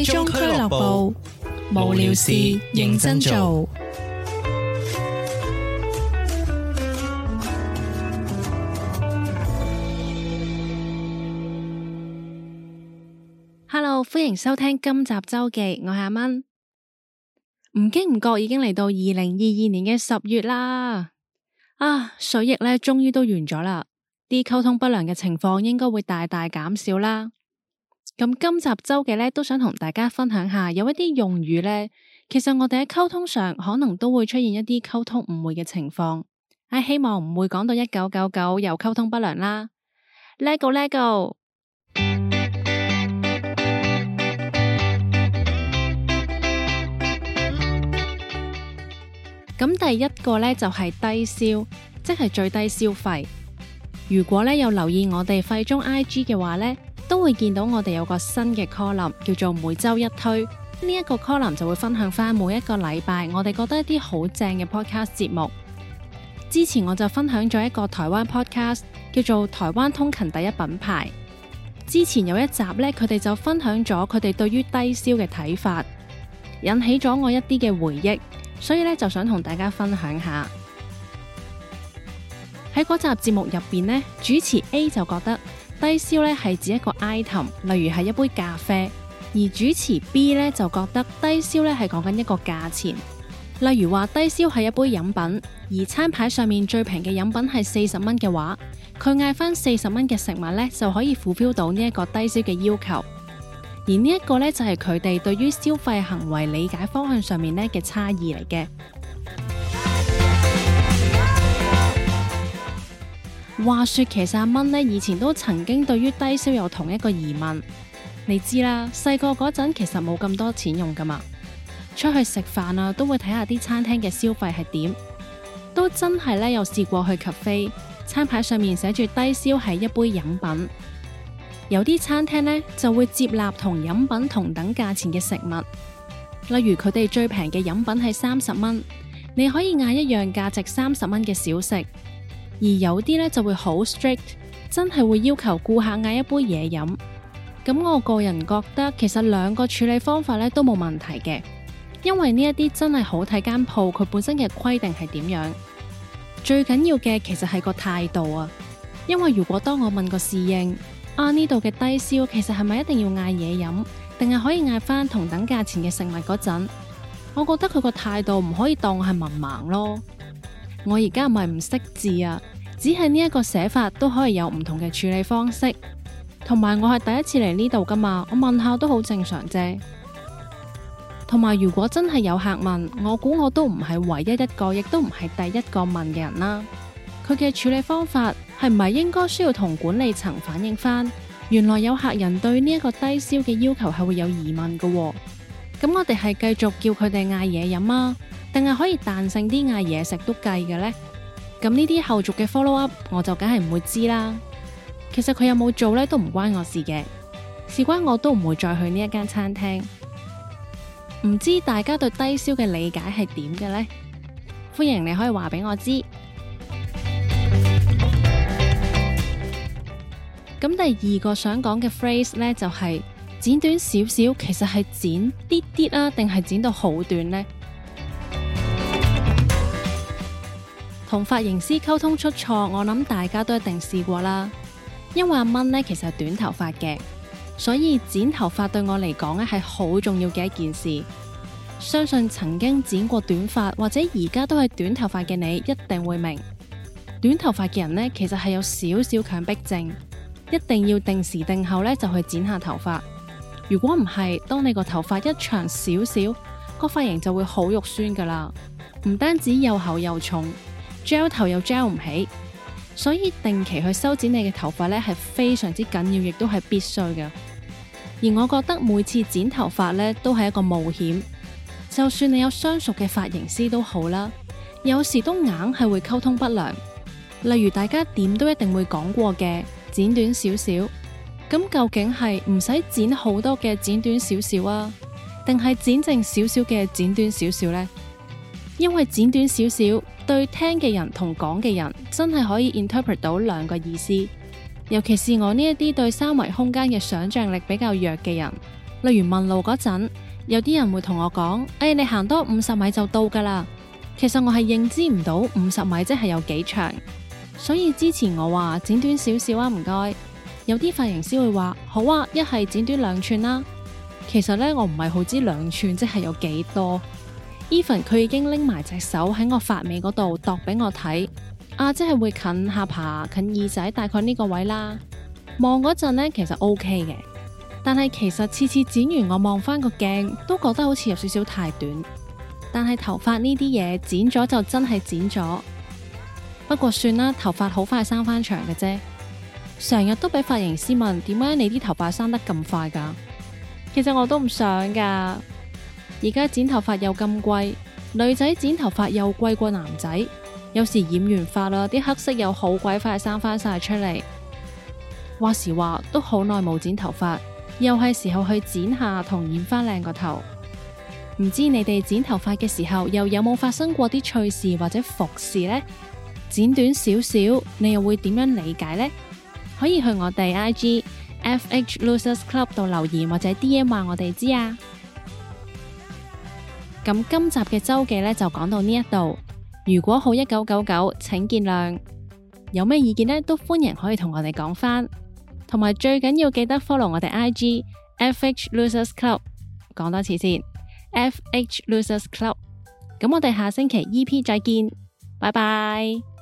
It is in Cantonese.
最中俱樂部，無聊事認真做。Hello，歡迎收聽今集週記，我係阿蚊。唔經唔覺已經嚟到二零二二年嘅十月啦。啊，水逆呢終於都完咗啦，啲溝通不良嘅情況應該會大大減少啦。咁今集週記咧，都想同大家分享下，有一啲用語呢，其實我哋喺溝通上可能都會出現一啲溝通誤會嘅情況。唉，希望唔會講到一九九九又溝通不良啦。lego lego。咁 第一個呢，就係、是、低消，即係最低消費。如果呢，有留意我哋廢中 IG 嘅話呢，都會見到我哋有個新嘅 column，叫做每周一推。呢一個 column 就會分享翻每一個禮拜我哋覺得一啲好正嘅 podcast 節目。之前我就分享咗一個台灣 podcast，叫做台灣通勤第一品牌。之前有一集呢，佢哋就分享咗佢哋對於低消嘅睇法，引起咗我一啲嘅回憶，所以咧就想同大家分享下。喺嗰集節目入邊呢，主持 A 就覺得低消咧係指一個 item，例如係一杯咖啡；而主持 B 咧就覺得低消咧係講緊一個價錢，例如話低消係一杯飲品，而餐牌上面最平嘅飲品係四十蚊嘅話，佢嗌返四十蚊嘅食物呢就可以符合到呢一個低消嘅要求。而呢一個呢，就係佢哋對於消費行為理解方向上面咧嘅差異嚟嘅。話說，其實阿蚊呢以前都曾經對於低消有同一個疑問。你知啦，細個嗰陣其實冇咁多錢用噶嘛，出去食飯啊都會睇下啲餐廳嘅消費係點。都真係咧有試過去 cafe 餐牌上面寫住低消係一杯飲品，有啲餐廳呢就會接納同飲品同等價錢嘅食物。例如佢哋最平嘅飲品係三十蚊，你可以嗌一樣價值三十蚊嘅小食。而有啲咧就會好 strict，真係會要求顧客嗌一杯嘢飲。咁我個人覺得其實兩個處理方法咧都冇問題嘅，因為呢一啲真係好睇間鋪佢本身嘅規定係點樣。最緊要嘅其實係個態度啊，因為如果當我問個侍應啊呢度嘅低消其實係咪一定要嗌嘢飲，定係可以嗌返同等價錢嘅食物嗰陣，我覺得佢個態度唔可以當我係文盲咯。我而家唔係唔識字啊，只係呢一個寫法都可以有唔同嘅處理方式，同埋我係第一次嚟呢度噶嘛，我問下都好正常啫。同埋如果真係有客問，我估我都唔係唯一一個，亦都唔係第一個問嘅人啦。佢嘅處理方法係唔係應該需要同管理層反映翻？原來有客人對呢一個低消嘅要求係會有疑問噶喎，咁我哋係繼續叫佢哋嗌嘢飲啊？淨係可以彈性啲嗌嘢食都計嘅呢？咁呢啲後續嘅 follow up 我就梗係唔會知啦。其實佢有冇做呢都唔關我事嘅，事關我都唔會再去呢一間餐廳。唔知大家對低消嘅理解係點嘅呢？歡迎你可以話俾我知。咁 第二個想講嘅 phrase 呢，就係、是、剪短少少，其實係剪啲啲啊，定係剪到好短呢？同髮型師溝通出錯，我諗大家都一定試過啦。因為阿蚊呢，其實係短頭髮嘅，所以剪頭髮對我嚟講呢係好重要嘅一件事。相信曾經剪過短髮或者而家都係短頭髮嘅你，一定會明。短頭髮嘅人呢，其實係有少少強迫症，一定要定時定候呢就去剪下頭髮。如果唔係，當你個頭髮一長少少，個髮型就會好肉酸㗎喇。唔單止又厚又重。gel 頭又 gel 唔起,所以定期去修剪你嘅頭髮呢係非常之緊要,亦都係必須嘅。而我覺得每次剪頭髮呢都係一個冒險,就算你有相熟嘅髮型師都好啦,有時都硬係會溝通不良。例如大家點都一定會講過嘅,剪短少少,咁究竟係唔使剪好多嘅剪短少少啊,定係剪剩少少嘅剪短少少呢?因為剪短少少。對聽嘅人同講嘅人真係可以 interpret 到兩個意思，尤其是我呢一啲對三維空間嘅想象力比較弱嘅人，例如問路嗰陣，有啲人會同我講：哎，你行多五十米就到噶啦。其實我係認知唔到五十米即係有幾長，所以之前我話剪短少少啊，唔該。有啲髮型師會話：好啊，一係剪短兩寸啦、啊。其實呢，我唔係好知兩寸即係有幾多。Even 佢已經拎埋隻手喺我髮尾嗰度度俾我睇，啊即係會近下巴近耳仔，大概呢個位啦。望嗰陣呢其實 O K 嘅，但係其實次次剪完我望返個鏡，都覺得好似有少少太短。但係頭髮呢啲嘢剪咗就真係剪咗，不過算啦，頭髮好快生翻長嘅啫。成日都俾髮型師問點解你啲頭髮生得咁快噶？其實我都唔想噶。而家剪頭髮又咁貴，女仔剪頭髮又貴過男仔。有時染完髮啦，啲黑色又好鬼快生翻曬出嚟。話時話都好耐冇剪頭髮，又係時候去剪下同染翻靚個頭。唔知你哋剪頭髮嘅時候又有冇發生過啲趣事或者服事呢？剪短少少，你又會點樣理解呢？可以去我哋 IG FH Losers Club 度留言或者 DM 話我哋知啊。咁今集嘅周記咧就講到呢一度。如果好一九九九，1999, 請見諒。有咩意見咧都歡迎可以同我哋講翻，同埋最緊要記得 follow 我哋 IG FH Losers Club。講多次先，FH Losers Club。咁我哋下星期 EP 再見，拜拜。